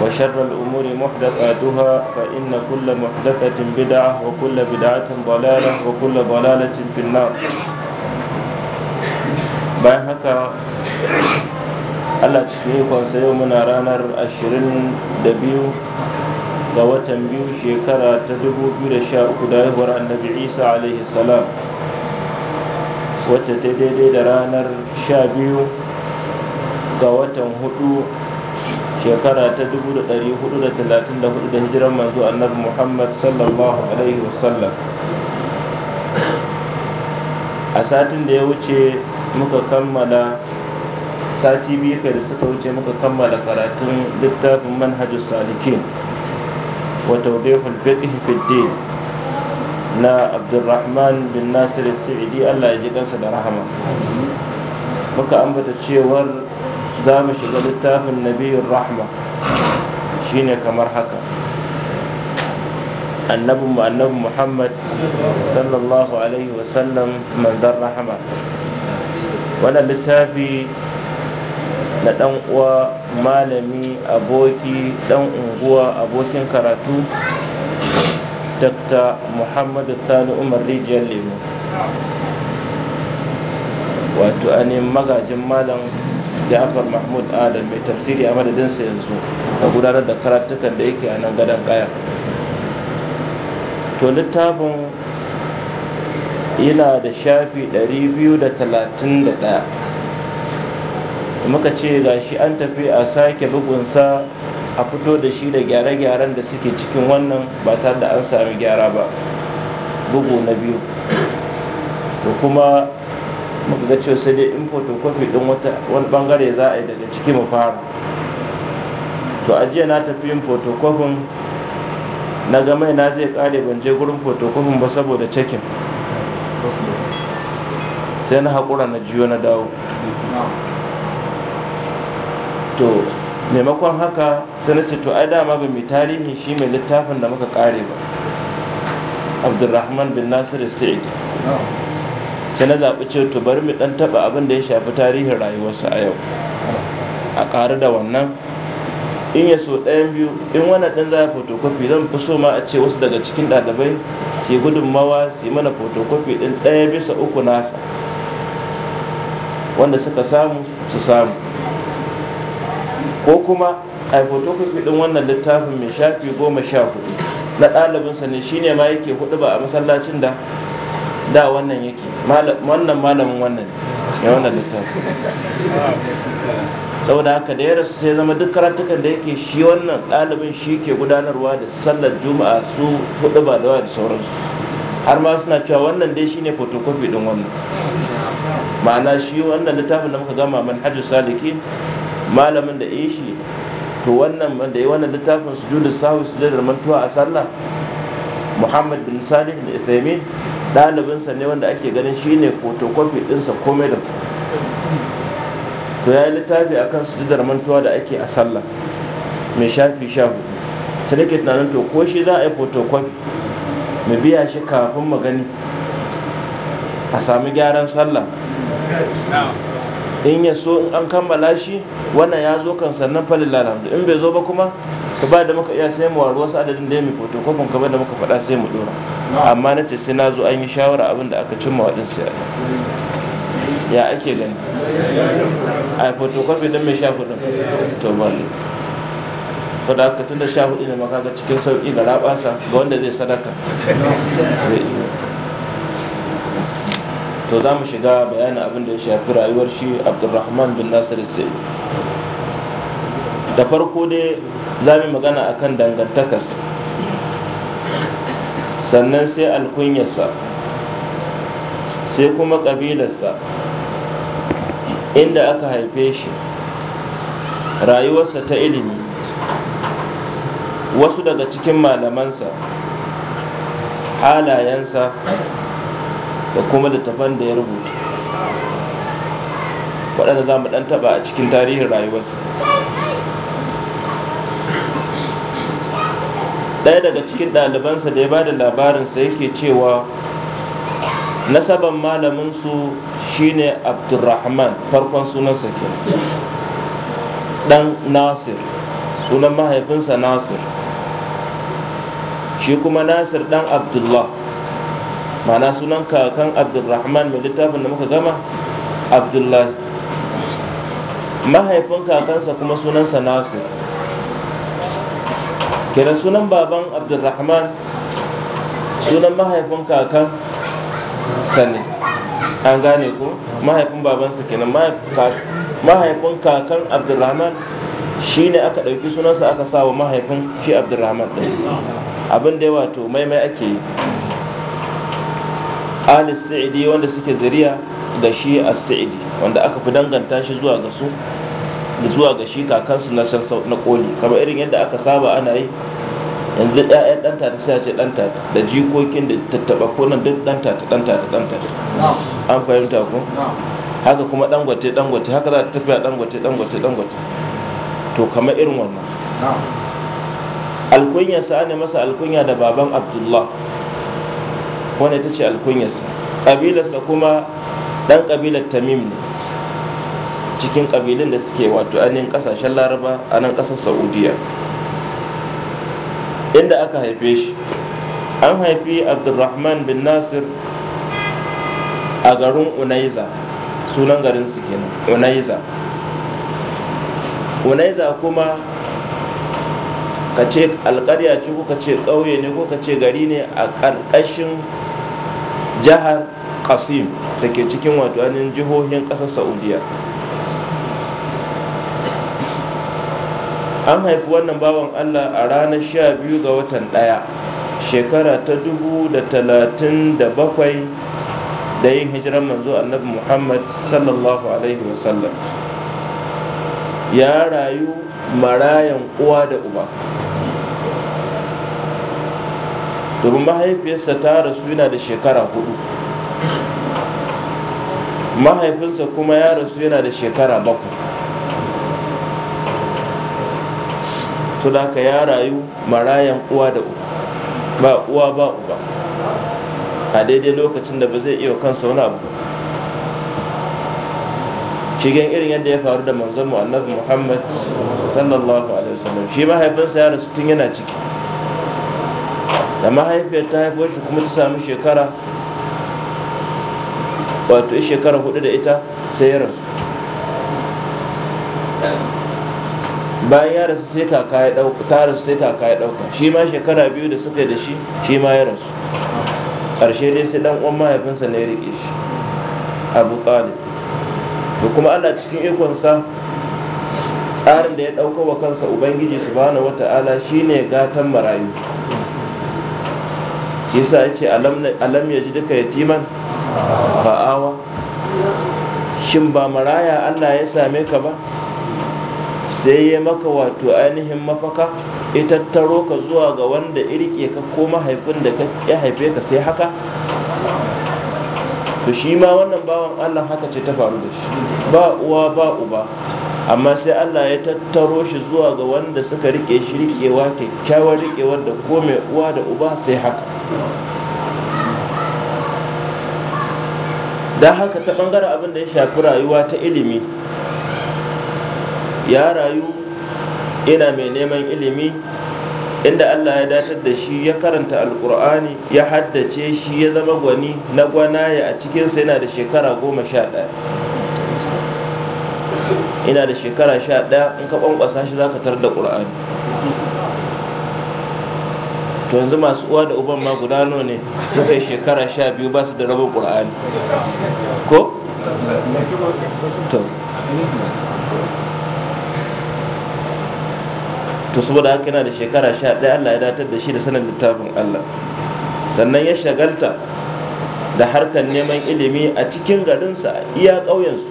وشر الأمور محدثاتها فإن كل محدثة بدعة وكل بدعة ضلالة وكل ضلالة في النار bayan haka Allah cikin ikonsa yau muna ranar 22 ga watan biyu shekara ta 2013 da haihuwar annabi isa alaihi salam wacce ta daidai da ranar 12 ga watan hudu shekara ta 434 da hijiran manzo annabi muhammad sallallahu alaihi wasallam a satin da ya wuce muka kammala sati biyu kai da suka wuce muka kammala karatun littafin manhajar salikin wata tawdihul hulbeti hifidde na abdulrahman bin nasir sa'idi allah ya ji kansa da rahama muka ambata cewar za mu shiga littafin nabiyin rahma shine kamar haka annabin annabin muhammad sallallahu alaihi wasallam manzan rahama wannan littafi na dan uwa malami aboki dan unguwa abokin karatu dr muhammadu Sani umar rijiyar lemo wato ainihin magajin malam jafar mahmud adam mai tafsiri a madadinsa yanzu da gudanar da karatukan da yake a nan gadon kaya to littafin yana da shafi 231 da muka ce ga an tafi a sake bugunsa a fito da shi da gyare-gyaren da suke cikin wannan ba tare da an sami gyara ba bugu na biyu da kuma ga cewa sai dai in photocopy din wani bangare za a yi daga ciki mu fara to ajiya na tafi yin photocopy na ga mai na zai kare ban je gurin photocopy ba saboda cekin sai na hakura na jiyo na dawo to maimakon haka sai na ce to ai dama ba mai tarihin shi mai littafin da muka kare ba abdulrahman bin nasiru sa'id sai na zaɓi ce to bari mu ɗan taɓa abin da ya shafi tarihin rayuwarsa a yau a ƙaru da wannan in ya so ɗayan biyu in wannan ɗan za a fotokofi zan fi so ma a ce wasu daga cikin ɗalibai su gudunmawa su mana fotokofi ɗin ɗaya bisa uku nasa wanda suka samu su samu ko kuma a fotokofi ɗin wannan littafin mai shafi goma sha hudu na ɗalibinsa ne shine ma yake hudu ba a masallacin da da wannan yake wannan malamin wannan ya wannan littafi saboda haka da ya rasu sai zama duk karatukan da yake shi wannan ɗalibin shi ke gudanarwa da sallar juma'a su hudu ba da sauransu har ma suna cewa wannan dai shine photocopy din wannan ma'ana shi wannan littafin da muka gama manhajar saliki malamin da ya shi to wannan da yi wannan littafin su, judu sahu sujudar mantuwa a sallah muhammad bin salih da ithaimin ɗalibinsa ne wanda ake ganin shine fotokofi ɗinsa komai da to ya yi littafi a kan sujudar mantuwa da ake a sallah mai shafi sha hudu sai nake tunanin to ko shi za a yi fotokofi. mu biya shi kafin mu gani a sami gyaran sallah in ya so an kammala shi wannan ya zo kan sannan falin in bai zo ba kuma Ka ba da muka iya sai mu waru wasu adadin da ya mai fotokofin kamar da muka faɗa sai mu dora amma na ce sai na zo an yi shawara abin da aka cimma sai ya ya ake gani a fotokofi don mai sha hudun to ba da aka tunda sha hudu ne makaga cikin sauƙi ga rabasa ga wanda zai sadaka to za mu shiga bayanin abin da ya shafi rayuwar shi abdulrahman bin nasir sai da farko dai za mu magana a kan dangantakarsa sannan sai alkunyarsa sai kuma ƙabilarsa inda aka haife shi rayuwarsa ta ilimi wasu daga cikin malamansa halayensa da kuma littafan da ya rubuta waɗanda za mu ɗan taɓa a cikin tarihin rayuwarsa ɗaya daga cikin ɗalibansa da ya ba da labarinsa yake cewa nasaban malaminsu shine abdurrahman farkon sa ke dan nasir sunan mahaifinsa nasir shi kuma nasir dan abdullah mana sunan kakan abdurrahman mai littafin da muka gama abdullahi mahaifin kakansa kuma sunansa nasir kenan sunan baban abdulrahman sunan mahaifin kakan sani an gane ku mahaifin babansa kenan mahaifin kakan abdulrahman shi ne aka ɗauki sunansa aka sa wa mahaifin shi abdulrahman ɗin abin da ya wato maimai ake yi Alis sa'idi wanda suke zuriya da shi as-sa'idi wanda aka fi danganta shi zuwa ga su da zuwa ga shi kakansu na na koli kamar irin yadda aka saba ana yi yanzu ɗaya ɗan tata sai ce ɗan tata da jikokin da tattaɓa nan duk ɗan tata ɗan tata ɗan tata an fahimta ku haka kuma ɗangote ɗangote haka za ta tafiya ɗangote ɗangote ɗangote to kamar irin wannan alkunyarsa ne masa alkunya da baban abdullah wanda ta ce alkunyarsa ƙabilarsa kuma ɗan ƙabilar tamim ne cikin ƙabilun da suke wato ainihin ƙasashen laraba a nan kasar saudiya inda aka haife shi an haifi Abdurrahman bin nasir a garin unaiza sunan garin su kenan unaiza unaiza kuma ka ce alkarya ce ko ka ce ƙauye ne ko ka ce gari ne a ƙarƙashin jihar kasim da ke cikin wato jihohin ƙasar saudiya an haifi wannan bawan allah a ranar sha biyu ga watan ɗaya shekara ta dubu da talatin da bakwai da yin hijiran manzo annabi muhammad sallallahu alaihi wasallam ya rayu marayan uwa da uba domin mahaifiyarsa ta rasu yana da shekara hudu mahaifinsa kuma ya rasu yana da shekara bakwai to da ka ya rayu marayan uwa da uba ba uwa ba uba a daidai lokacin da ba zai iya kansa wani abu shigen irin yadda ya faru da manzon mu annabi muhammad sallallahu alaihi wasallam shi mahaifinsa ya rasu tun yana ciki da mahaifiyar ta haifo shi kuma ta samu shekara wato shekara hudu da ita sai ya rasu bayan ya rasu sai taka ya dauka ta rasu sai taka ya dauka shi ma shekara biyu da suka da shi shi ma ya rasu karshe dai sai dan uwan mahaifinsa ne ya rike shi abu talib da kuma Allah cikin ikonsa tsarin da ya dauka wa kansa ubangiji subhanahu wata'ala shine gatan marayu yasa yace alam ya ji duka yatiman ba'awa shin ba maraya Allah ya same ka ba sai ya maka wato ainihin mafaka ya tattaro ka zuwa ga wanda irke ka ko mahaifin da ya haife ka sai haka to shi ma wannan bawan allah haka ce ta faru da shi ba uwa ba uba amma sai allah ya tattaro shi zuwa ga wanda suka rike shi rikewa kyakkyawar rikewar da ko mai uwa da uba sai haka don haka ta bangaren abin da ya shafi rayuwa ta ilimi ya rayu ina mai neman ilimi inda Allah ya datar da shi ya karanta alkur'ani ya haddace shi ya zama gwani na gwanaye a cikinsa yana da shekara goma sha ɗaya ina da shekara sha ɗaya in ka ƙwanƙwasa shi za ka tar da ƙur'ani to yanzu masu uwa da uban ma guda ne suka yi shekara sha biyu ba su da rabin ƙur'ani ko? to saboda haka yana da shekara sha ɗaya allah ya datar da shi da sanin littafin allah sannan ya shagalta da harkar neman ilimi a cikin garinsa iya ƙauyensu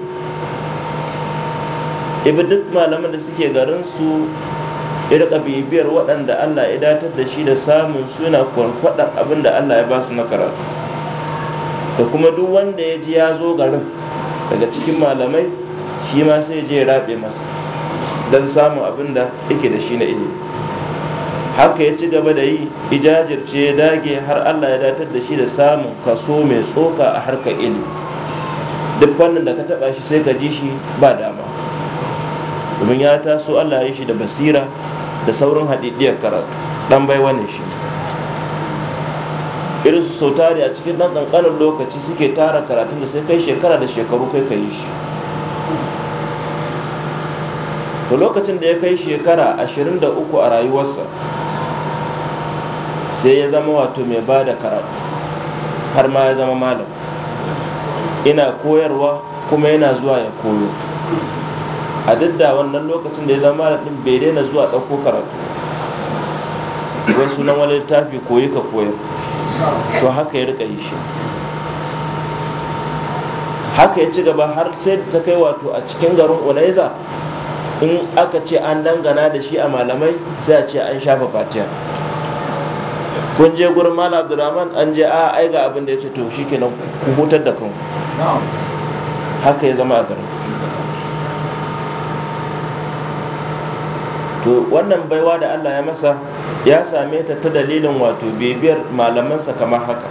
ibi duk malaman da suke garinsu ya rika bibiyar waɗanda allah ya datar da shi da samun suna kwarkwaɗar abin da allah ya ba su na da kuma duk wanda ya ji ya zo garin daga cikin malamai shi ma sai je ya masa don samun abin da yake da shi na ilimi haka ya ci gaba da yi ijajirce ya dage har allah ya datar da shi da samun kaso mai tsoka a harkar ili. duk wannan da ka taba shi sai ka ji shi ba dama domin ya taso allah ya shi da basira da saurin hadidiyar karatu dan bai wani shi irin su sau a cikin ɗan ƙanƙanin lokaci suke tara karatun da sai kai shekara da shekaru kai ka yi shi to lokacin da ya kai shekara 23 a rayuwarsa sai ya zama wato mai ba da karatu har ma ya zama malam ina koyarwa kuma yana zuwa ya koyo a duk da wannan lokacin da ya zama malam bai daina zuwa ɗauko karatu wai sunan wani littafi koyi ka koyar to haka ya rika yi shi haka ya ci gaba har sai ta kai wato a cikin garin unaiza in aka ce an dangana da shi a malamai sai a ce an shafa fatiha kun je gurin malam abdulrahman an je a ai ga abin da ya ce to shi kenan ku hutar da kanku haka ya zama a garin to wannan baiwa da allah ya masa ya same ta ta dalilin wato bibiyar malamansa kamar haka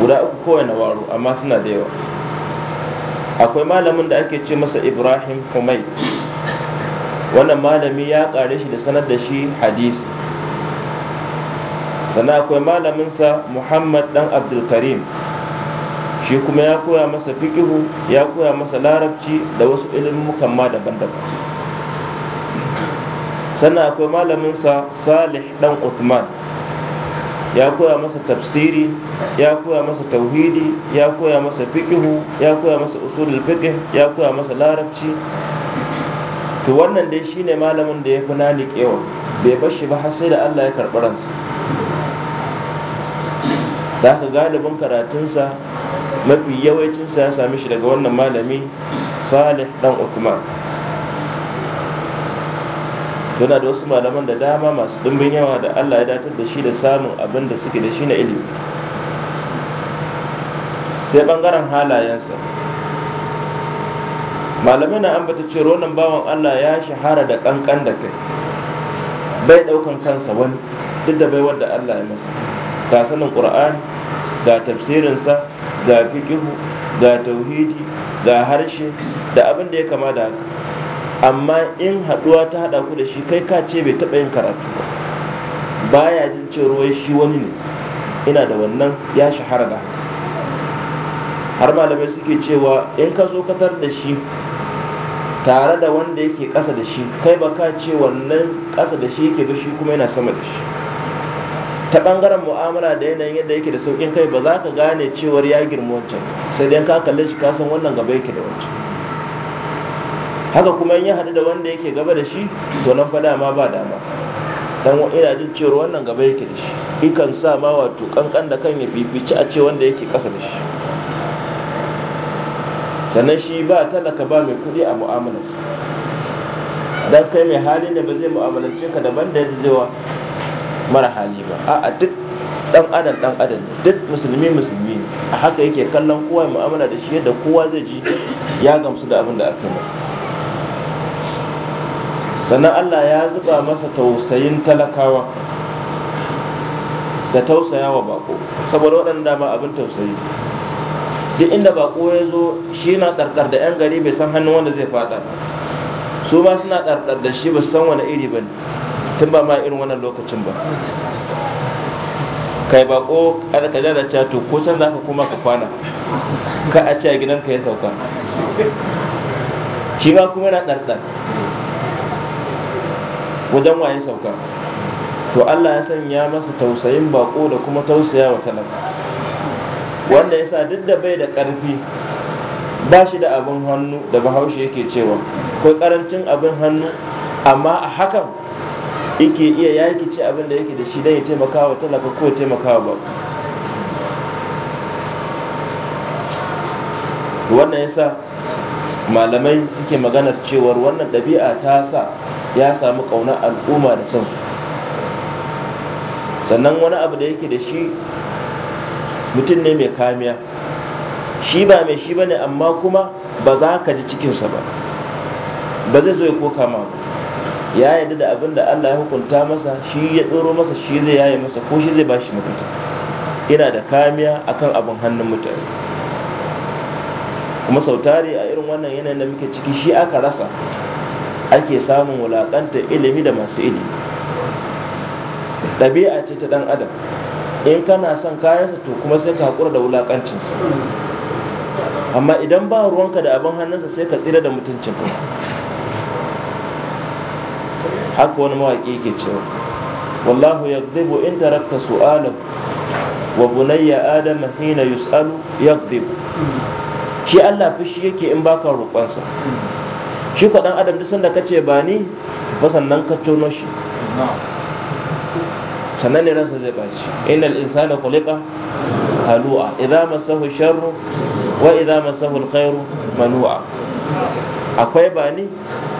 guda uku kowane waro amma suna da yawa akwai malamin da ake ce masa ibrahim Kumai. wannan malami ya kare shi da sanar da shi hadisi sannan akwai malaminsa muhammad dan abdulkarim shi kuma ya koya masa fikihu ya koya masa larabci da wasu ilimin ma daban-daban sannan akwai malaminsa salih dan uthman ya koya masa tafsiri ya koya masa tauhidi ya koya masa fikihu ya koya masa usulul fiqh ya koya masa larabci to wannan dai shine malamin da ya fi nani kewa bai bar shi ba har sai da Allah ya karɓi ransa da haka galibin karatunsa mafi yawancinsa ya sami shi daga wannan malami salih dan uthman yana da wasu malaman da dama masu ɗimbin yawa da allah ya datar da shi da samun abin da suke da shi na ilimi sai ɓangaren halayensa malamai na ambata cewa wannan bawan allah ya shahara da ƙanƙan da kai bai ɗaukan kansa wani duk da bai da allah ya masa ga sanin ƙur'ani ga tafsirinsa ga fikihu ga tauhidi ga harshe da abin da ya kama da haka amma in haɗuwa ta haɗa ku da shi kai ka ce bai taɓa yin karatu ba baya jin cewa shi wani ne ina da wannan ya shahara da har malamai suke cewa in ka zo katar da shi tare da wanda yake ƙasa da shi kai ba ka ce wannan ƙasa da shi yake ba shi kuma yana sama da shi ta ɓangaren mu'amala da yanayin yadda yake da sauƙin kai ba za ka gane cewar ya girma wancan sai dai ka kalle shi ka san wannan gaba yake da wancan haka kuma in ya haɗu da wanda yake gaba da shi to nan fa dama ba dama dan ina jin cewa wannan gaba yake da shi ikan sa ma wato kankan da kan ya fifici a ce wanda yake kasa da shi sannan shi ba talaka ba mai kudi a mu'amalar dan kai mai hali ne ba zai mu'amalance ka daban da yadda zaiwa mara hali ba a'a duk dan adam dan adam ne duk musulmi musulmi ne a haka yake kallon kowa mu'amala da shi yadda kowa zai ji ya gamsu da abin da aka masa sannan allah ya zuba masa tausayin talakawa da tausaya wa bako saboda waɗanda ma abin tausayi duk inda bako ya zo shi na ɗarɗar da 'yan gari bai san hannun wanda zai faɗa su ma suna ɗarɗar da shi ba su san wani iri ba ne tun ba ma irin wannan lokacin ba kai bako ka da cewa to ko can za ka kuma ka kwana ka a ce a gidanka ya sauka shi ma kuma yana ɗarɗar wajen waye sauka to Allah ya sanya masa tausayin bako da kuma tausaya wa talaka wanda ya duk da bai da ƙarfi ba shi da abin hannu da bahaushe yake cewa ko ƙarancin abin hannu amma a hakan yake iya yaki ce abin da yake da shi ya taimaka wa talaka ko ya taimaka wa bako wannan ya malamai suke maganar cewar wannan ɗabi'a ta sa ya samu ƙaunar al'umma da su. sannan wani abu da yake da shi mutum ne mai kamiya shi ba mai shi ba ne amma kuma ba za ka ji cikinsa ba ba zai zo ya koka ma ya yadda da abin da allah ya hukunta masa shi ya tsoro masa shi zai yaye masa ko shi zai ba shi mafita Ina da kamiya akan abin hannun mutane kuma sautari a irin wannan yanayin da muke ciki shi aka rasa ake samun wulaƙanta, ilimi da masu ilimi ɗabi'a ce ta ɗan adam in kana son kayansa to kuma sai ka haƙura da wulaƙancinsa amma idan ba ruwanka da abin hannunsa sai ka tsira da mutuncinka haka wani mawaƙi yake cewa wallahu yagdibu in tarakta su'alahu wa bunayya adam hina yus'alu yagdibu shi Allah fushi yake in baka roƙonsa shi ko dan adam duk sanda ka ce ba ni ba sannan ka tono shi sannan ne ransa zai shi innal insana khuliqa halu'a idza masahu sharru wa idza masahu alkhairu manu'a akwai ba ni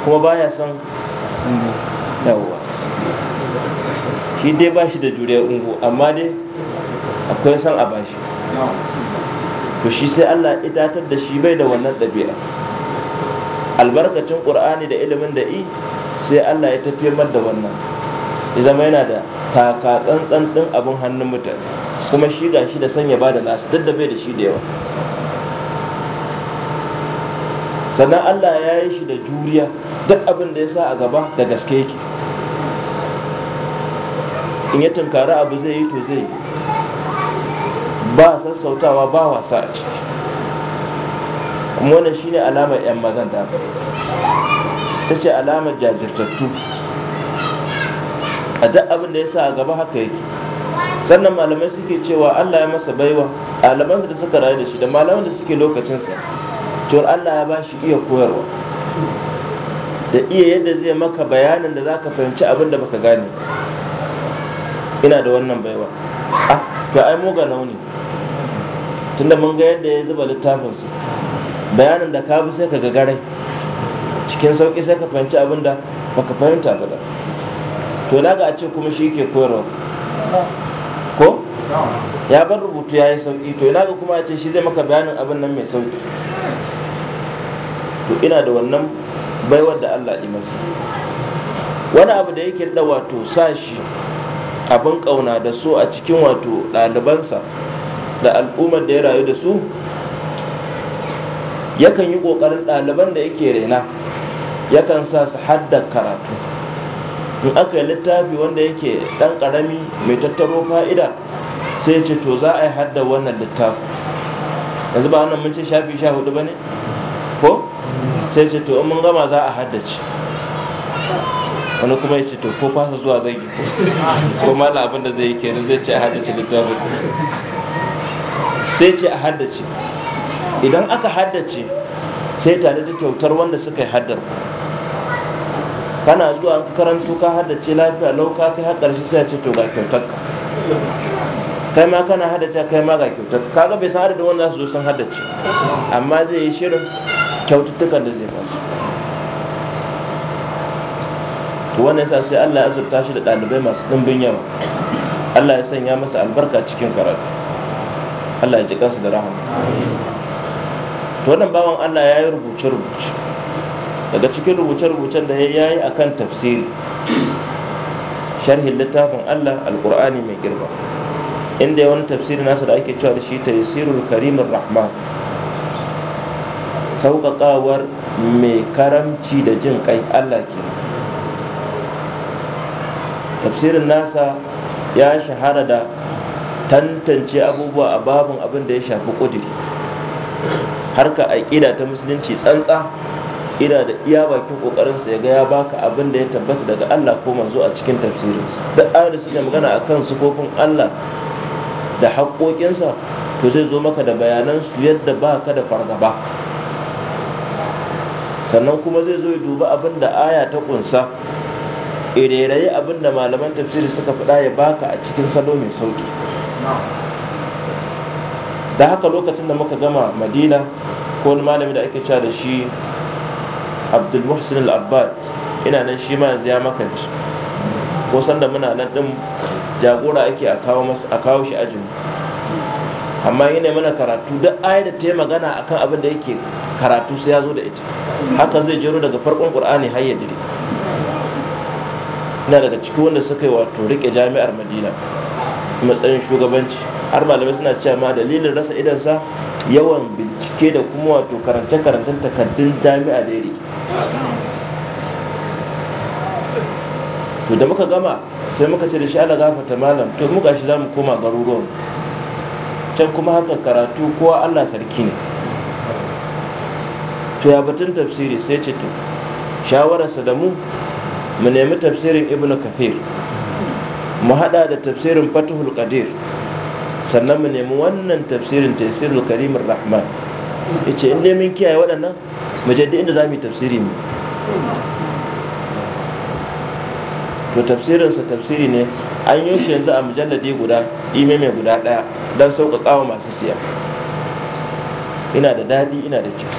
kuma baya son yawwa shi dai ba shi da juriya ungu amma dai akwai son a bashi to shi sai Allah ya datar da shi bai da wannan ɗabi'a albarkacin ƙur'ani da ilimin da i sai allah ya tafiye da wannan ya zama yana da taka tsantsan ɗin abin hannun mutane kuma shi ga shi da sanya ba da nasu duk da bai da shi da yawa sannan allah ya yi shi da juriya duk abin da ya sa a gaba da gaske yake in ya tunkari abu zai yi to zai yi ba sassautawa ba wasa a ciki kuma wannan shine alamar yan mazan da ta ce alamar jajirtattu a duk abin da ya sa a gaba haka yake sannan malamai suke cewa allah ya masa baiwa alamansa da suka rayu da shi da malaman da suke lokacinsa cewar allah ya ba shi iya koyarwa da iya yadda zai maka bayanin da za ka fahimci abin da baka gane ina da wannan baiwa ah to ai mu ga launi tunda mun ga yadda ya zuba su bayanin da ka bi sai ka gagarai cikin sauƙi sai ka fahimci abin da baka fahimta ba da to na ga a ce kuma shi ke koyarwa ko ya bar rubutu ya yi sauƙi to ina ga kuma a ce shi zai maka bayanin abin nan mai sauƙi to ina da wannan baiwar da allah ɗi masa wani abu da yake da wato sa-shi abin ƙauna da su a cikin wato ɗalibansa da al'ummar da ya rayu da su yakan yi ƙoƙarin ɗaliban da yake raina yakan sa su hadda karatu in aka yi littafi wanda yake ɗan ƙarami mai tattaro fa'ida sai ce to za a yi hadda wannan littafi yanzu ba wannan mun ce shafi sha hudu ba ne ko sai ce to in mun gama za a haddace wani kuma ya ce to ko fasa zuwa zai yi ko mala abin da zai yi kenan zai ce a haddace littafin sai ce a haddace idan aka haddace sai tare da kyautar wanda suka yi haddar kana zuwa karanto ka haddace lafiya lau ka kai har ƙarshe sai ce to ga kyautar ka kai ma kana haddace kai ma ga kyautar ka ga bai san adadin wanda za su zo sun haddace amma zai yi shirin kyaututtukan da zai basu to wannan yasa sai Allah ya azurta shi da ɗalibai masu ɗimbin yawa Allah ya sanya masa albarka cikin karatu Allah ya ji kansu da rahama to wannan bawan Allah ya yi rubuce-rubuce daga cikin rubuce-rubucen da ya yi akan tafsiri sharhin littafin Allah Alƙur'ani mai girma inda ya wani tafsiri nasa da ake cewa da shi tafsirul karimin rahman sauƙaƙawar mai karamci da jin kai Allah ke tafsirin nasa ya shahara da tantance abubuwa a babin abin da ya shafi ƙudiri harka aƙida ta musulunci tsantsa ina da iya bakin kokarinsa ya ga ya baka abin da ya tabbata daga Allah ko manzo a cikin tafsirinsa duk ayar da suke magana a akan sukofin Allah da haƙoƙinsa to zai zo maka da bayanan su yadda ba ka da fargaba sannan kuma zai zo ya duba abin da aya ta ƙunsa, irerayi abin da malaman tafsiri suka faɗa ya baka a cikin salo mai sauƙi da haka lokacin da muka gama madina ko wani malami da ake cewa da shi abdul muhsin al-abbad ina nan shi ma yanzu ya makanci ko sanda muna nan din jagora ake a kawo shi ajin amma yana mana karatu duk ayi da ta yi magana akan abin da yake karatu sai ya zo da ita haka zai jero daga farkon qur'ani har ya ina daga cikin wanda suka yi wato rike jami'ar madina matsayin shugabanci har malamai suna cewa ma dalilin rasa sa yawan bincike da kuma wato karance-karancen takardun jami'a da ya to da muka gama sai muka ce da shi ala gafata malam to muka shi za mu koma garuruwan can kuma haka karatu kowa allah sarki ne to ya batun tafsiri sai ce to shawararsa da mu mu nemi tafsirin ibnu kafir mu hada da tafsirin fatihul qadir sannan mu nemi wannan tafsirin tafsirul karimur rahman yace ce inda mun kiyaye waɗannan mu je da inda mu yi tafsiri mu to tafsirinsa tafsiri ne an yi shi yanzu a mujalladi guda ime mai guda ɗaya don sauƙaƙawa masu siya ina da daɗi ina da kyau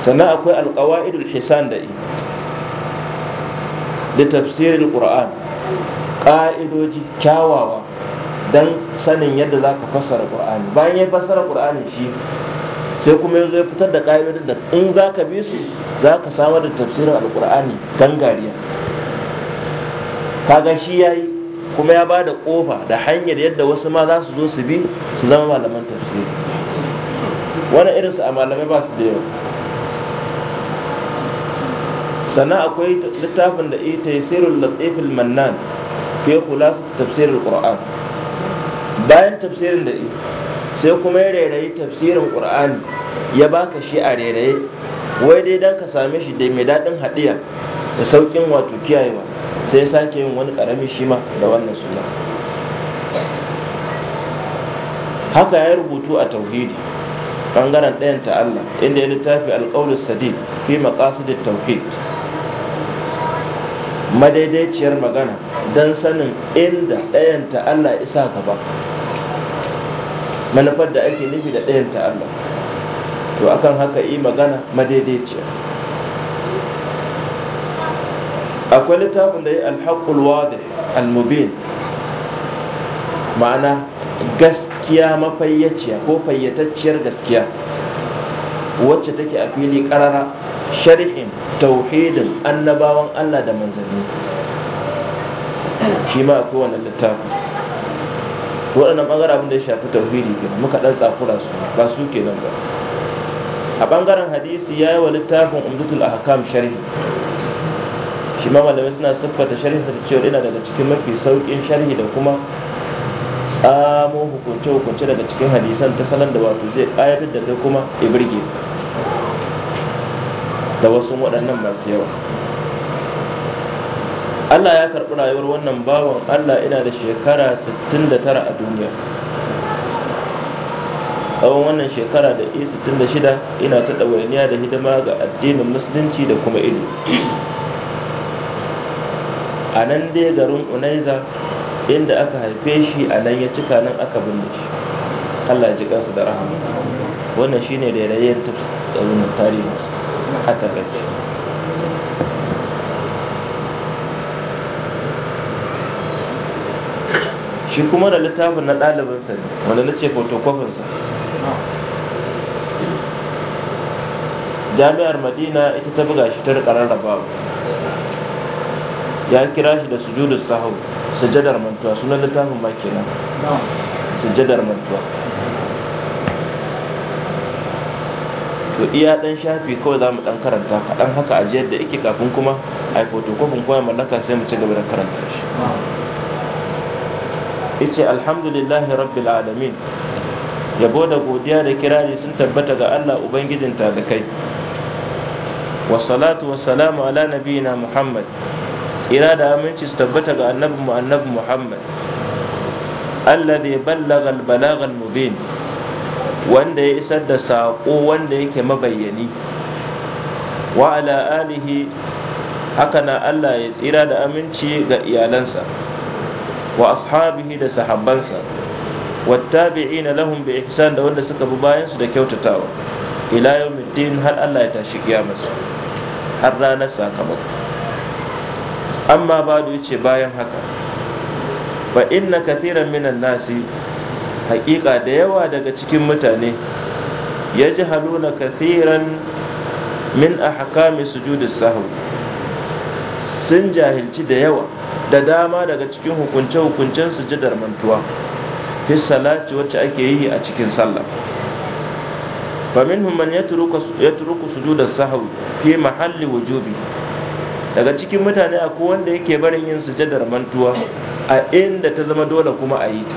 sannan akwai alƙawa'idul hisan da da tafsirin qur'an ƙa'idoji kyawawa don sanin yadda za ka fassara ƙur'ani bayan ya fassara ƙur'ani shi sai kuma yanzu ya fitar da ƙa'idodin da in za ka bi su za ka samar da tafsirin alƙur'ani gangariya kaga shi ya yi kuma ya ba da ƙofa da hanyar yadda wasu ma za su zo su bi su zama malaman tafsiri wani su a malamai ba su da yawa sannan akwai littafin da ita ya sirrin latifin mannan hiya khulasa tafsirin ƙur'an bayan tafsirin da sai kuma ya rairayi tafsirin qur'ani ya baka shi a rairaye wai dai dan ka same shi da mai daɗin haɗiya da sauƙin wato kiyayewa sai ya sake yin wani ƙarami shi ma da wannan suna haka ya rubutu a tauhidi ɓangaren ɗayan ta Allah inda ya littafi alƙawlus sadid fi maqasidit tauhid madaidaiciyar magana don sanin inda ɗayanta Allah isa gaba manufar da ake nufi da ɗayanta Allah to akan haka yi magana madaidaiciya akwai littafin da ya alhaƙul wadi almubin ma'ana gaskiya mafayyaciya ko fayyatacciyar gaskiya wacce take a fili ƙarara sharhin tauhidin annabawan Allah da manzanni shi ma akwai wannan littafin waɗannan ɓangare abin da ya shafi tauhidi kenan muka ɗan tsakura su ba su nan ba a ɓangaren hadisi ya yi wa littafin umdutul ahkam sharhi shi ma malamai suna siffata sharhinsa da cewa yana daga cikin mafi sauƙin sharhi da kuma tsamo hukunce-hukunce daga cikin hadisan ta salon da wato zai ƙayatar da kai kuma ya birge da wasu waɗannan masu yawa allah ya karɓi rayuwar wannan bawan allah ina da shekara 69 a duniya tsawon wannan shekara da 66 ina ta ɗawainiya da hidima ga addinin musulunci da kuma Ido. a nan dai garin unaiza inda aka haife shi a nan ya cika nan aka binne shi allah ya ji kansu da rahama wannan shine da yanayin tarihi a shi kuma da littafin na ɗalibinsa ne wanda na ce fotokofinsa jami'ar madina ita ta buga shi ta rikarar rabawa ya kira shi da sujudu sahau sujadar mantuwa sunan littafin ma kenan sujadar mantuwa to iya dan shafi kawai za mu ɗan karanta kaɗan haka ajiyar da yake kafin kuma a yi fotokofin kuma mallaka sai mu ci gaba da karanta shi ice alhamdulillahi rabbil alamin yabo da godiya da kirari sun tabbata ga allah ubangijin kai. wasalatu wasalamu ala nabiyina muhammad tsira da aminci su tabbata ga mu annabi muhammad allah da ya balagha al-mubin wanda ya isar da saƙo wanda yake mabayyani wa ala alihi haka na Allah ya tsira da aminci ga iyalansa wa ashabihi da sahabbansa na lahun bi ihsan da wanda suka bi bayansu da kyautatawa ila mutum har Allah ya tashi kiyamarsa har ranar sakamako amma ba da yace bayan haka fa inna kathiran minan nasi hakika da yawa daga cikin mutane ya ji haluna kathiran min ahkami sujudi sahwi sun jahilci da yawa da dama daga cikin hukunce-hukuncen sujudar mantuwa fi salati wacce ake yi a cikin sallah faminhum man yatruku sujudar sahwi fi mahalli wujubi daga cikin mutane akwai wanda yake barin yin sujadar mantuwa a inda ta zama dole kuma a yi ta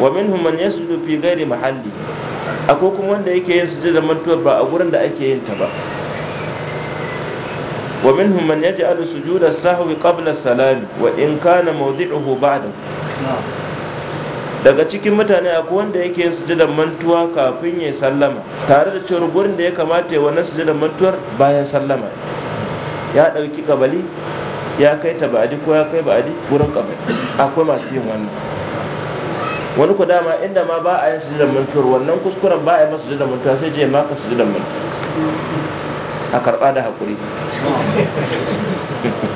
wa minhum man yasjudu fi ghairi mahalli akwai kuma wanda yake yin sujada mantuwar ba a gurin da ake yin ta ba wa minhum man yaj'alu sujuda sahwi qabla salami wa in kana mawdi'uhu ba'da daga cikin mutane akwai wanda yake yin da mantuwa kafin ya sallama tare da cewa gurin da ya kamata ya wannan da mantuwar bayan sallama ya ɗauki kabali ya kai ta ba'adi ko ya kai ba'adi gurin kabali akwai masu yin wannan wani ku dama inda ma ba a yin sujudan mantuwar wannan kuskuren ba a yi masa sujudan mantuwa sai je maka sujudan mantuwa a karɓa da hakuri.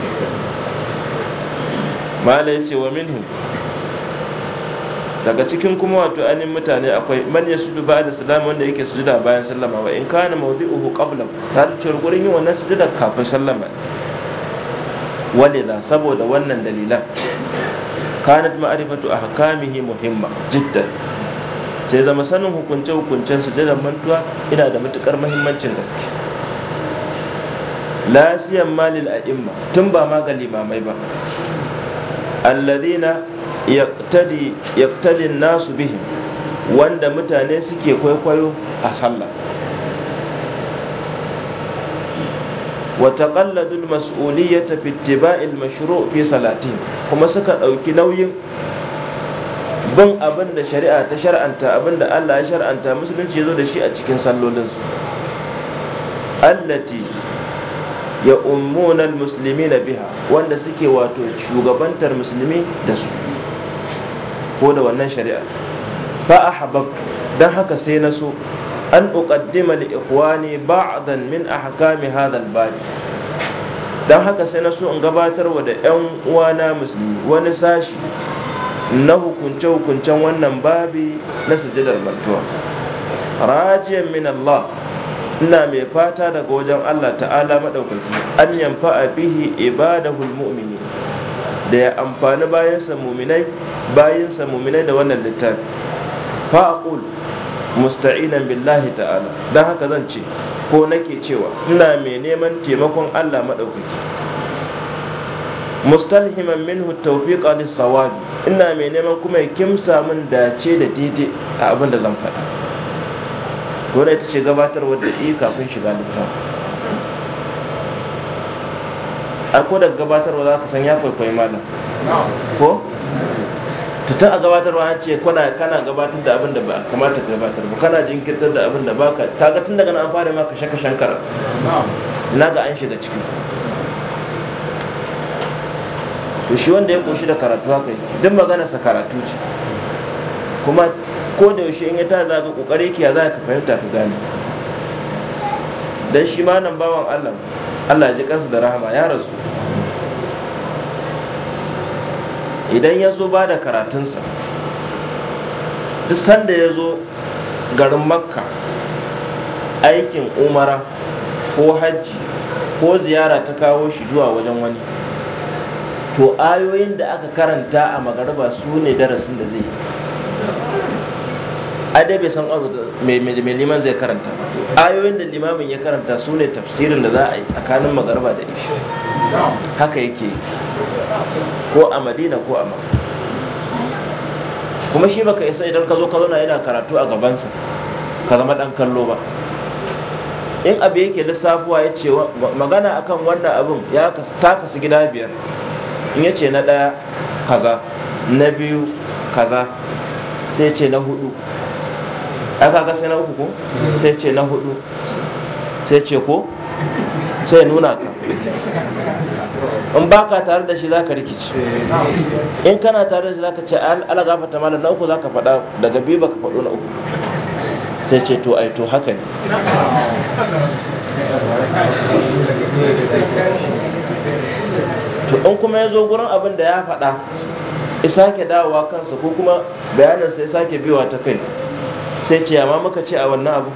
mala ya ce wa minhu daga cikin kuma wato ainihin mutane akwai man ya sudu ba da salama wanda yake sujuda bayan sallama wa in kana mawdi'uhu qabla ta ce gurin yin wannan sujuda kafin sallama walida saboda wannan dalilan kanat ma'arifatu ahkamihi muhimma jiddan sai zama sanin hukunce hukuncen sujadar mantuwa ina da matukar muhimmancin gaske la siyan malil a'imma tun ba ma ga limamai ba alladhina yaqtadi yaqtadi nasu bihim wanda mutane suke kwaikwayo a sallah وتقلدوا المسؤولية في اتباع المشروع في صلاتهم kuma suka ɗauki nauyin? bin abin da shari'a ta shar'anta abin da Allah ya shar'anta musulunci ya zo da shi a cikin sallolinsu allati ya ummunan musulmi na biha wanda suke wato shugabantar musulmi da su ko da wannan shari'a ba a hababtu don haka sai na so an uqaddima li ikhwani ba'dan min ahkami hadha al dan haka sai na so in gabatar wa da 'yan uwana musulmi wani sashi na hukunce hukuncen wannan babi na sujadar mantuwa Rajiyar min Allah ina mai fata daga wajen Allah ta'ala maɗaukaki an yamfa a bihi ibadahul mu'mini da ya amfani bayansa muminai muminai da wannan littafi fa'akul musta'inan billahi ta'ala don haka zan ce ko nake cewa ina mai neman taimakon allah maɗaukaki mustalhiman minhu tawfiqa lis-sawabi ina mai neman kuma ya kimsa min dace da daidai a abin da zan faɗa ko ita ce gabatarwar da yi kafin shiga littafi a ko daga gabatarwa za ka san ya kwaikwayi malam ko ta ta a gabatarwa ya ce kana gabatar da abin da ba kamata ka gabatar ba kana jinkirtar da abin da ba ka kaga tun daga nan fara ma ka shaka shankara na ga an shiga ciki to shi wanda ya koshi da karatu haka yi duk maganarsa karatu ce kuma ko da yaushe in ya ta za ka kokare ki za ka fahimta ka gane dan shi ma nan bawan Allah Allah ya ji kansa da rahama ya rasu idan ya zo ba da karatunsa duk sanda ya zo garin makka aikin umara ko hajji ko ziyara ta kawo shi zuwa wajen wani to ayoyin da aka karanta a magariba su ne darasin da zai yi adai bai san abu mai liman zai karanta ayoyin da limamin ya karanta su ne tafsirin da za a yi tsakanin magariba da ishi haka yake yi ko a madina ko a makka kuma shi baka isa idan ka zo ka zauna yana karatu a gabansa ka zama dan kallo ba in abu yake lissafuwa ya ce magana akan wannan abin ya taka su gida biyar in ya ce na ɗaya kaza na biyu kaza sai ce na hudu aka ga sai na uku ko sai ce na hudu sai ce ko sai nuna ka in ba ka tare da shi za ka rikici in kana tare da shi za ka ce ala gafa ta malam na uku za ka faɗa daga biyu ba ka faɗo na uku sai ce to ai to haka ne to in kuma ya zo gurin abin da ya faɗa ya sake dawowa kansa ko kuma bayanin sai sake biyowa ta kai sai ce amma muka ce a wannan abu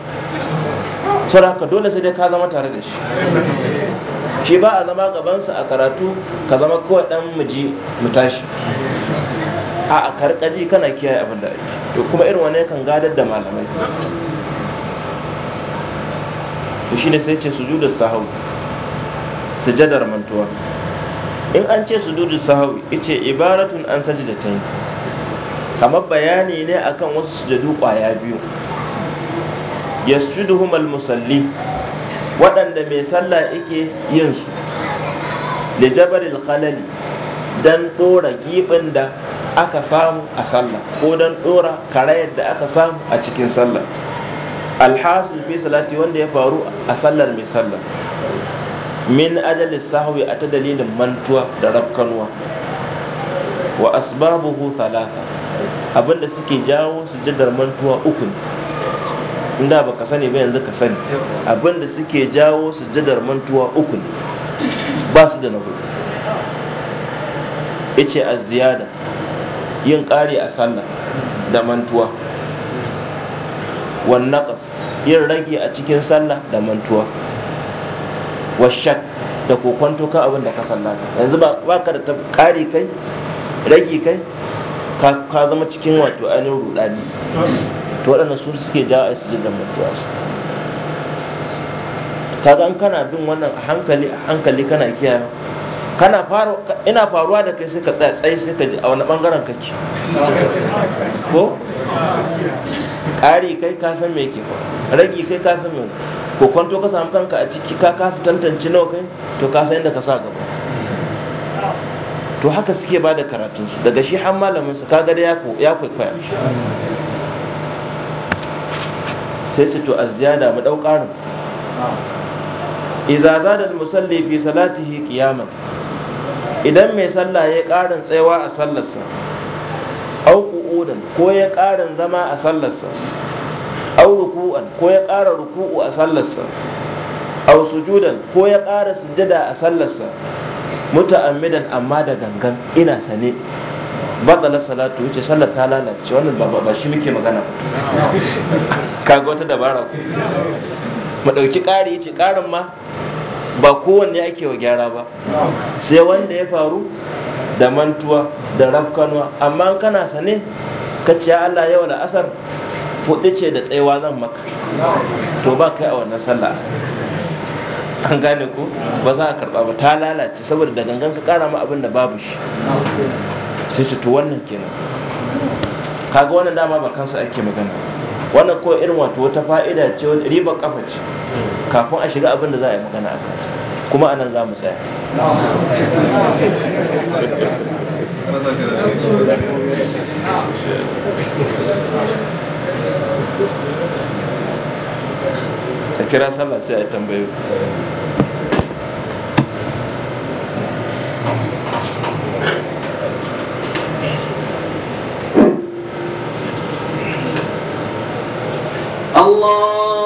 saboda haka dole sai dai ka zama tare da shi shi ba a zama gabansa a karatu ka zama kawai dan miji mu tashi a a karkaji kana kiyaye abin da ake to kuma irin wani kan gadar da malamai to shine sai ce sujudus sahau sujadar mantuwa in an ce sujudus sahau ice ibaratun an ta yi. kamar bayani ne akan wasu sujadu kwaya biyu yasjuduhum al-musalli waɗanda mai sallah yake yin su da jabaril khalali don ɗora giɓin da aka samu a sallah ko don ɗora karayar da aka samu a cikin sallah alhasil fi salati wanda ya faru a sallar mai sallah min ajalis sahwi a ta dalilin mantuwa da rafkanuwa wa asbabuhu talata, abinda suke jawo sujadar mantuwa uku ne inda ka sani ba yanzu ka sani abinda suke jawo sujjadar mantuwa uku ne ba su da na hudu ice a ziyada yin ƙari a sallah da mantuwa wannaƙas yin rage a cikin sallah da mantuwa washak da kokonto kan abin da ka sallata yanzu ba ka da ta ƙari kai rage kai ka zama cikin wato ainihin rudani to waɗannan su suke jawo a yi jirgin mutuwa su kaga in kana bin wannan a hankali a hankali kana kiyaye kana faro ina faruwa da kai sai ka tsaya tsaye sai ka ji a wani bangaren ci ko ƙari kai ka san me ke ragi kai ka san me ko kwanto ka samu kanka a ciki ka kasa tantance nawa kai to ka san inda ka sa gaba to haka suke ba da su daga shi har malamin su kaga da ya kwaikwaya sai ce to a ziyada mu ɗau ƙarin iza zadal musalli fi salatihi qiyaman idan mai sallah ya ƙarin tsayawa a sallarsa au qu'udan ko ya ƙarin zama a sallarsa au ruku'an ko ya ƙara ruku'u a sallarsa au sujudan ko ya ƙara sujada a sallarsa muta'ammidan amma da gangan ina sane na salatu wuce sallar ta lalace wannan ba ba shi muke magana Ka ga wata dabara ku mu ɗauki ƙari yace ƙarin ma ba kowanne ake wa gyara ba sai wanda ya faru da mantuwa da rafkanuwa amma kana sane ka ce Allah yau da asar hudu ce da tsayawa zan maka to ba kai a wannan sallah an gane ku ba za a karba ba ta lalace saboda da gangan ka kara ma abin da babu shi sai ce to wannan kenan kaga wannan dama ba kansa ake magana wannan ko irin wato wata fa'ida ce riba kafa ce kafin a shiga abin da za a yi magana a kansa kuma anan za mu tsaya a kira sallah sai a tambayo Allah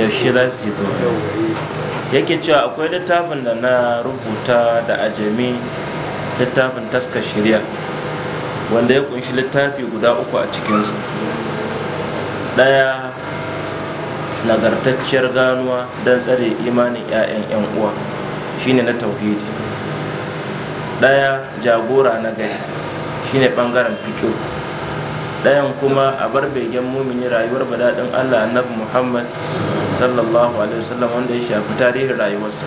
yaushe za su yi eh. yake cewa akwai littafin da na rubuta da ajami littafin taskar shirya wanda ya kunshi littafi guda uku a cikinsa ɗaya nagartacciyar ganuwa don tsare imanin 'ya'yan 'yan uwa shine na tauhidi ɗaya jagora na gari shine ɓangaren fikiru ɗayan kuma a bar begen mumini rayuwar badaɗin allah annabi muhammad sallallahu alaihi wasallam wanda ya shafi tarihin rayuwarsa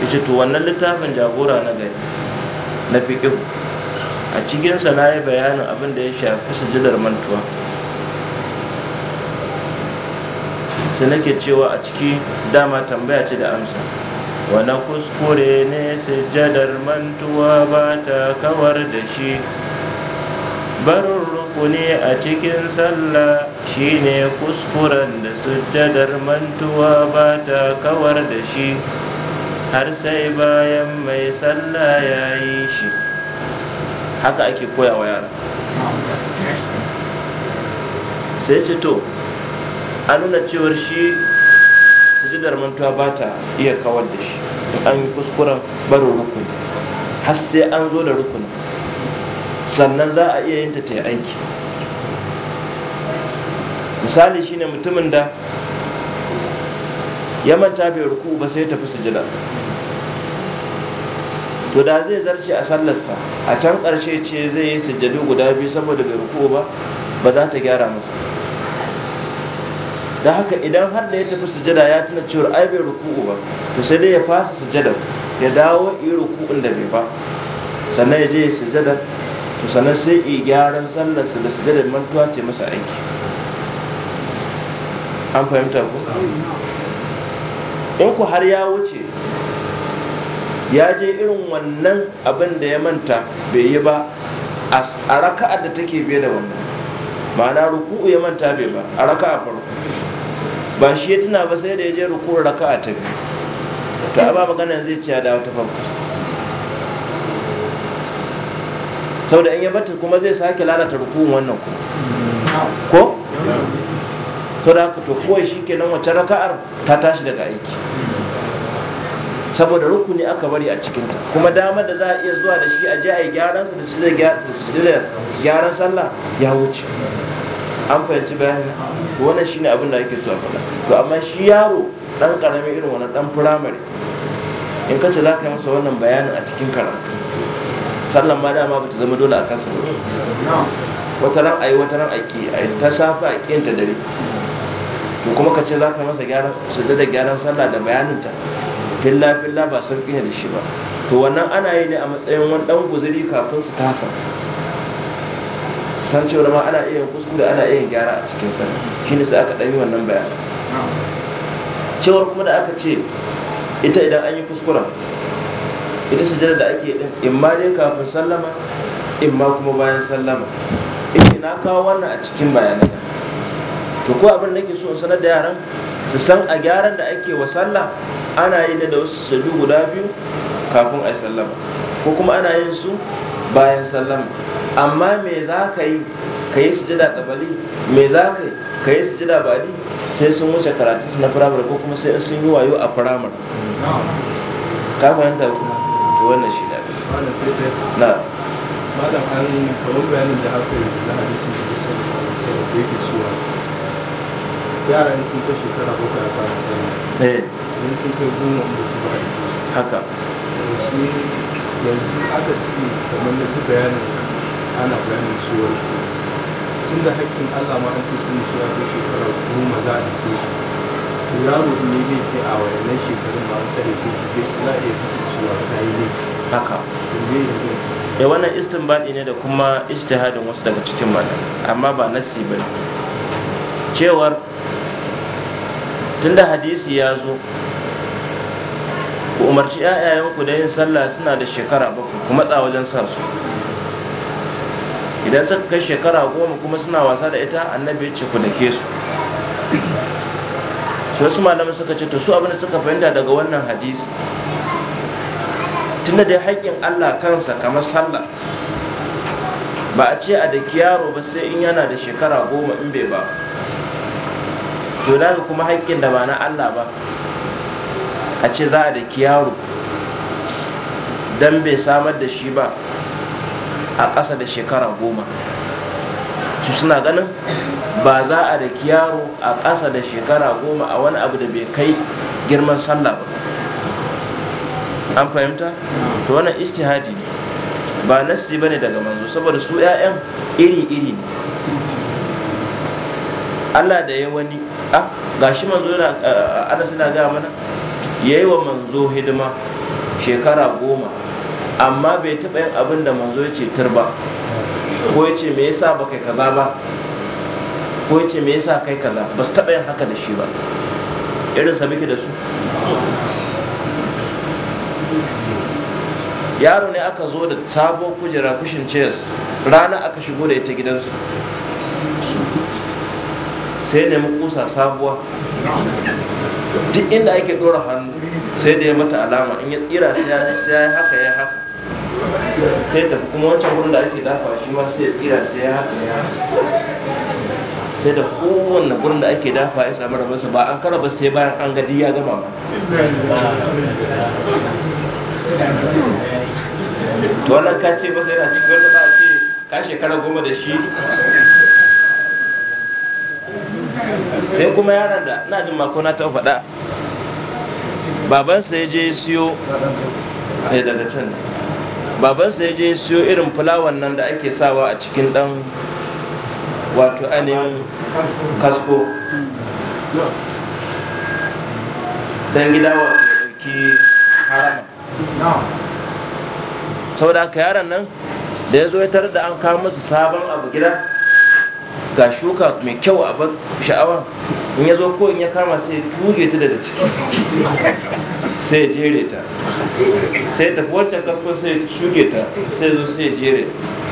yace to wannan littafin jagora na gari na fiƙihu a cikinsa na yi bayanin abin da ya shafi sujidar mantuwa sai nake cewa a ciki dama tambaya ce da amsa wani kuskure ne sujadar mantuwa ba ta kawar da shi barin rukuni a cikin sallah shine kuskuren da sujjadar mantuwa ba ta kawar da shi har sai bayan mai sallah ya yi shi haka ake koya wa yara sai ce to a nuna cewar shi sujjadar mantuwa ba ta iya kawar da shi an yi kuskuren barin rukuni har sai an zo da rukuni sannan za a iya yin ta aiki misali shine mutumin da ya manta bai ruku ba sai tafi sujada to da zai zarce a sallarsa a can ƙarshe ce zai yi sujadu guda biyu saboda bai ruku ba ba za ta gyara masa da haka idan har da ya tafi sujada ya tuna cewar ai bai ruku ba to sai dai ya fasa sujada ya dawo yi ruku'un da bai ba sannan ya je ya sujada to sannan sai i gyaran su da sujadar mantuwa ta masa aiki an fahimta ku in ku har ya wuce ya je irin wannan abin da ya manta bai yi ba a raka'a da take biye da wannan ma'ana ruku'u ya manta bai ba a raka'a farko ba shi ya tuna ba sai da ya je ruku'u raka'a ta biyu to ba magana zai ciya da wata farko saboda in ya bata kuma zai sake lalata rukun wannan ku ko da haka to kawai shi kenan wacce raka'ar ta tashi daga aiki saboda rukuni aka bari a cikinta kuma dama da za a iya zuwa da shi a je a yi gyaransa da sujjadar gyaran sallah ya wuce an fahimci bayanin wannan shine abin da ake zuwa faɗa to amma shi yaro dan karamin irin wannan dan firamare in ka ce za ka yi masa wannan bayanin a cikin karatu sallan ma dama ba ta zama dole a kansa wata ran ayi wata ran aiki ayi ta safa a ƙiyin ta dare to kuma ka ce za ka masa gyaran su da gyaran sallah da bayaninta filla filla ba sun ƙinya da shi ba to wannan ana yi ne a matsayin wani ɗan guzuri kafin su tasa san cewar ma ana iya kuskure ana iya gyara a cikin sallah shine sai aka ɗan yi wannan bayanin cewar kuma da aka ce ita idan an yi kuskuren ita sujjada da ake din in ma dai kafin sallama in ma kuma bayan sallama ina na kawo wannan a cikin bayanai to ko abin da so in sanar da yaran su san a gyaran da ake wa sallah ana yi da wasu sujudu guda biyu kafin a sallama ko kuma ana yin su bayan sallama amma me za ka yi ka yi sujada kabali me za ka yi ka yi sujada bali? sai sun wuce karatu na firamare ko kuma sai sun yi wayo a firamare ka fahimta ku wannan shi ne na malam an kamar bayanin da haka na hadisin da kusa da sarasara da yake cewa yara in sun ta shekara ko kaya sa sarasara eh in sun kai goma da su ba haka shi yanzu aka ci kamar na ji bayanin ana bayanin cewa tun da hakkin allah ma an ce sun shi ya kai shekara goma za a ke yaro ne ne ke a wayannan shekarun ma an tare ko za a iya kasance cewa ta yi ne haka ya eh, wannan istinbadi ne da kuma ijtihadin wasu daga cikin mana amma ba nasi ba cewar tunda hadisi ya zo ku umarci ku da yin sallah suna da shekara bakwai ku matsa wajen sa su idan suka kai shekara goma kuma suna wasa da ita annabi ya ce ku dake su sai wasu malamin suka ce to su abin da suka fahimta daga wannan hadisi tunda dai haƙƙin Allah kansa kamar sallah ba a ce a da yaro ba sai in yana da shekara goma in bai ba to da kuma haƙƙin da ba na Allah ba a ce za a da yaro don bai samar da shi ba a ƙasa da shekara goma su suna ganin ba za a da yaro a ƙasa da shekara goma a wani abu da bai kai girman sallah ba an fahimta to wannan ijtihadi ne ba nassi bane daga manzo saboda su ƴaƴan iri iri ne Allah da ya wani ah gashi manzo yana ana suna ga mana yayi wa manzo hidima shekara goma amma bai taɓa yin abin da manzo ya ce turba ko ya ce me yasa ba kai kaza ba ko ya ce me yasa kai kaza ba su taɓa yin haka da shi ba irin sa muke da su yaro ne aka zo da sabo kujera kushin chairs rana aka shigo da ita gidansu sai nemi kusa sabuwa duk inda ake dora hannu sai da ya mata alama in ya tsira sai ya haka ya haka sai tafi kuma wancan wurin da ake dafa shi ma sai ya tsira sai ya haka ya haka. sai da kowanne wurin da ake dafa ya samu rabarsa ba an kara ba sai bayan an gadi ya gama ba to wannan ka ce masa yana cikin wanda za a ce ka shekara goma da shi sai kuma yaran da na jin mako na taɓa faɗa babansa ya je siyo ɗaya eh, daga can babansa ya je siyo irin fulawan nan da ake sawa a cikin ɗan wato ainihin kasko Ɗan gida wato ɗauki harama saboda haka yaron nan da ya zo ya tarar da an kawo musu sabon abu gida ga shuka mai kyau a ban sha'awa in ya zo ko in ya kama sai ya tuge ta daga ciki sai ya jere ta sai ya tafi wancan kasko sai ya shuge ta sai ya zo sai ya jere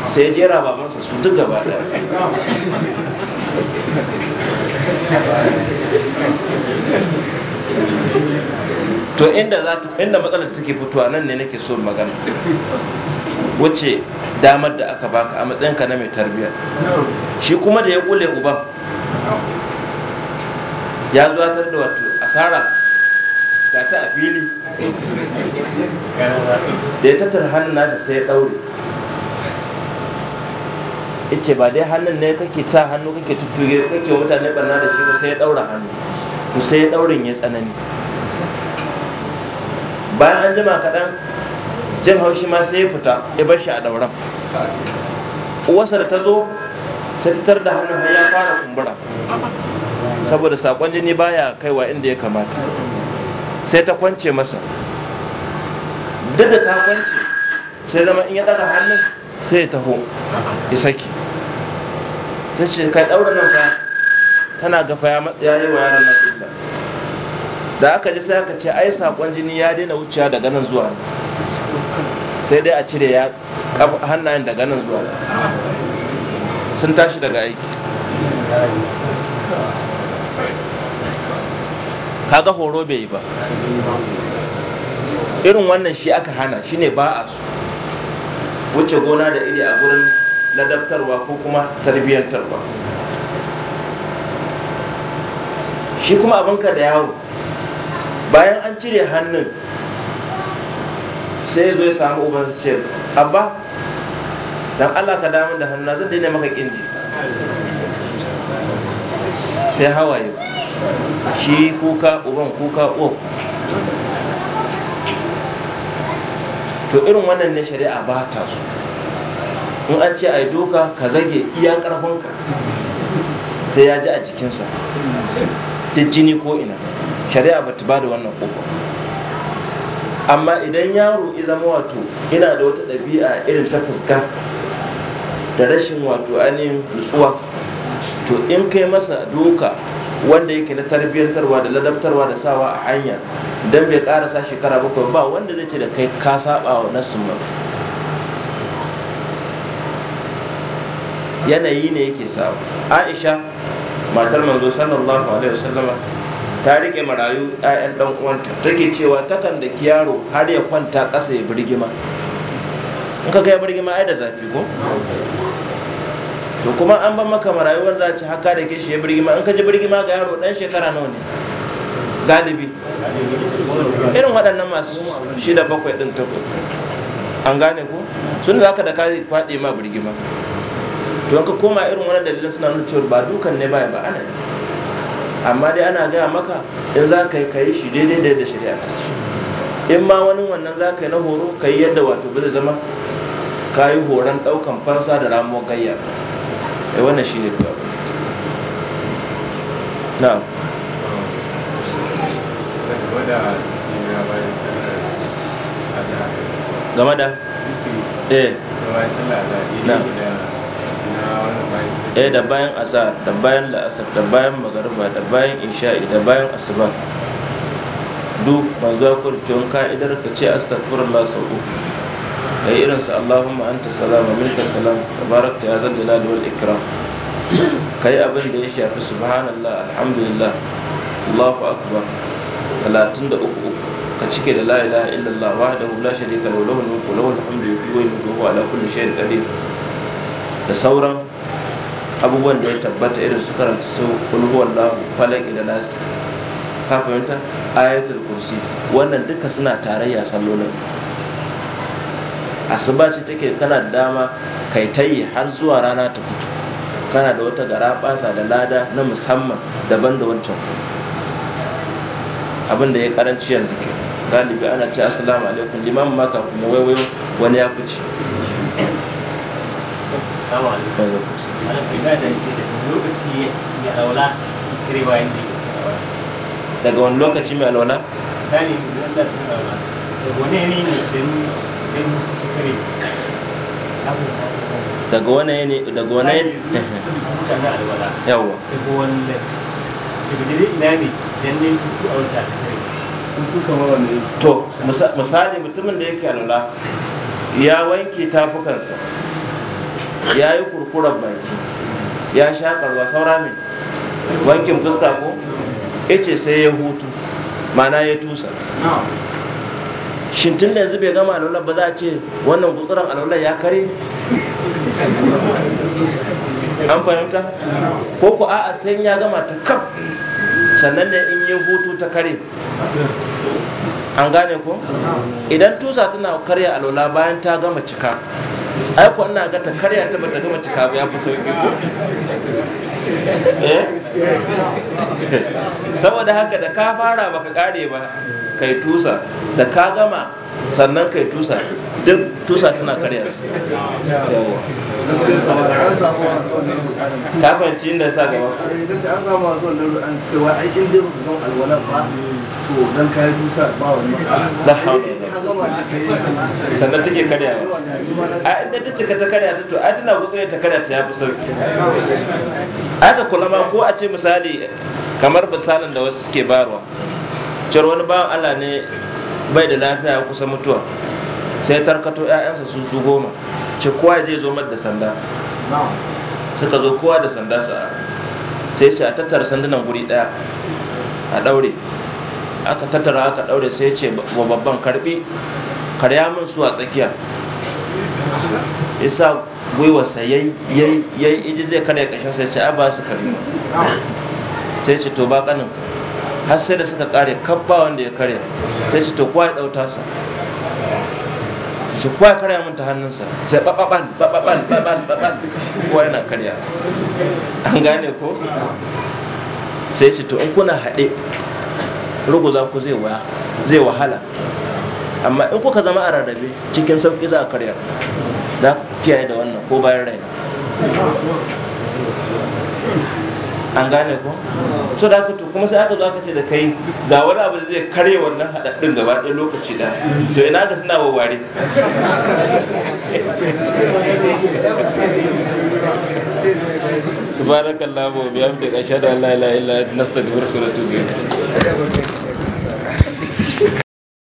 sai ya jera babansa su duk gaba daya to inda za ta inda matsalar take fitowa nan ne nake so magana Wuce damar da aka baka a matsayinka na mai tarbiyya shi kuma da ya kule uban ya zuwatar da wato asara ga ta a fili da ya tattar hannun nasa sai ya daure ce ba dai hannun ne kake ta hannu kake tuttuge kake mutane barna da shi ko sai ya daura hannu Ko sai ya daurin ya tsanani bayan an jima kaɗan jin haushi ma sai ya fita ya bar shi a ɗauran uwarsa da ta zo sai ta tar da hannun har ya fara kumbura saboda saƙon jini baya kaiwa inda ya kamata sai ta kwance masa duk da ta kwance sai zama in ya ɗaga hannun sai ya taho ya saki sai ce kai ɗaura nan fa tana gafa ya yi wa yaran nan illa da aka ji sai aka ce ai sakon jini ya daina wucewa daga nan zuwa sai dai a cire ya hannayen daga nan zuwa sun tashi daga aiki kaga horo bai yi ba irin wannan shi aka hana shi ne ba a su wuce gona da iri a gurin ladabtarwa ko kuma tarbiyyantarwa shi kuma abinka da yawo bayan an cire hannun sai zo ya samu uban su ce abba dan allah ka damu da hannu zan daina maka kinji sai hawaye shi kuka uban kuka o to irin wannan ne shari'a ba ta su in an ce a yi doka ka zage iya karfinka sai ya ji a jikinsa duk jini ko ina shari'a ba ta ba da wannan ƙofa amma idan yaro ya zama wato ina da wata ɗabi'a irin ta fuska da rashin wato ainihin nutsuwa to in kai masa doka wanda yake na tarbiyyantarwa da ladabtarwa da sawa a hanya don bai sa shekara bakwai ba wanda zai ce da kai ka saba wa nasin yanayi ne yake sawa aisha matar manzo sallallahu alaihi wasallama ta rike marayu ɗayan ɗan uwanta take cewa takan da yaro har ya kwanta ƙasa ya birgima in ka ga ya birgima ai da zafi ko to kuma an ban maka marayu wanda za ci haka da ke shi ya birgima in ka ji birgima ga yaro dan shekara nawa ne galibi irin waɗannan masu shida bakwai ɗin takwas an gane ko sun za ka da ka kwaɗe ma birgima to ka koma irin wani dalilin suna nuna cewa ba dukan ne ba ya ba ana amma dai ana gaya maka in za ka yi ka yi shi daidai da yadda shari'a ta ce in ma wani wannan za ka yi na horo ka yi yadda wato bai zama ka yi horon ɗaukan fansa da ramuwar gayya ai eh, wannan shi ne kuwa na game da eh da eh da bayan Azar, da bayan la'asar da bayan magariba da bayan isha'i da bayan asuba duk ba za ku ka'idar ka ce astaghfirullah sau uku ka yi irinsa allahumma anta salama milka salam ta ya zan jalali wal ikram ka yi abin da ya shafi subhanallah alhamdulillah allahu akbar talatin da uku uku ka cike da la ilaha illallah wahdahu la sharika lahu lahul mulku lahul hamdu yuhyi wa yumiitu wa ala kulli shay'in qadir da sauran abubuwan da ya tabbata irin su karanta su kulhuwan lahu falak da nas ka fahimta ayatul kursi wannan duka suna tarayya sallolin asuba ce take kana da dama kai tayi har zuwa rana ta fito kana da wata gara basa da lada na musamman daban da wancan abin da ya karanci yanzu ke galibi ana ce assalamu alaikum liman maka kuma waiwayo wani ya fice daga wani lokaci mai alwala? misali da daga wani yanayi ne kare daga wani yanayi daga wani yanayi yawa daga wani daga ina ne don ne a wata wani to misali mutumin da yake alwala ya wanke tafukansa ya yi kurkurar baki ya sha karwa saura mai wankin fuska ko Ya ce sai ya hutu mana ya tusa shin tun da yanzu bai gama alwala ba za a ce wannan kutsuran alwala ya kare an fahimta ko ku a'a sai ya gama ta kaf sannan ne in yi hutu ta kare an gane ko idan tusa tana karya alwala bayan ta gama cika ai ko ina ga ta karya ta bata gama cika ba ya fi sauki ko eh? saboda haka da ka fara baka kare ba kai tusa da ka gama sannan kai tusa duk tusa tana karya ta fahimci inda sa gaba eh, an samu wasu wanda ruwan cewa aikin jirgin alwalar ba to don kayan tusa ba wani matsala sannan take karya a inda ta cika ta karya ta to a tana gutsure ta karya ta yafi sauki aka kula ma ko a ce misali kamar misalin da wasu suke barwa cewar wani bawan Allah ne bai da lafiya kusa mutuwa sai tarkato 'ya'yansa su su goma ce kowa zai zo da sanda suka zo kowa da sanda sa sai ce a tattara sandunan guri daya a daure aka tattara aka daure sai ce wa babban karbi karya min su a tsakiya isa gwiwarsa yayi yayi iji zai karya kashin sai ce a ba su karbi sai ce to ba kanin ka har sai da suka kare kabba wanda ya karya sai ce to kuwa ya dauta sa shi kuwa ya karya min ta hannunsa sai babban babban babban babban kuwa yana karya an gane ko sai ce to in kuna haɗe ruguza ku zai wahala amma in kuka zama a rarrabe cikin sauƙi za a karyar za ku kiyaye da wannan ko bayan rai an gane ko to da ku to kuma sai aka zo aka ce da kai ga wani abu da zai karye wannan haɗaɗɗin gaba ɗaya lokaci da to ina ga suna wawware subhanakallahumma wa bihamdika ashhadu an la ilaha illa anta astaghfiruka da atubu ilayk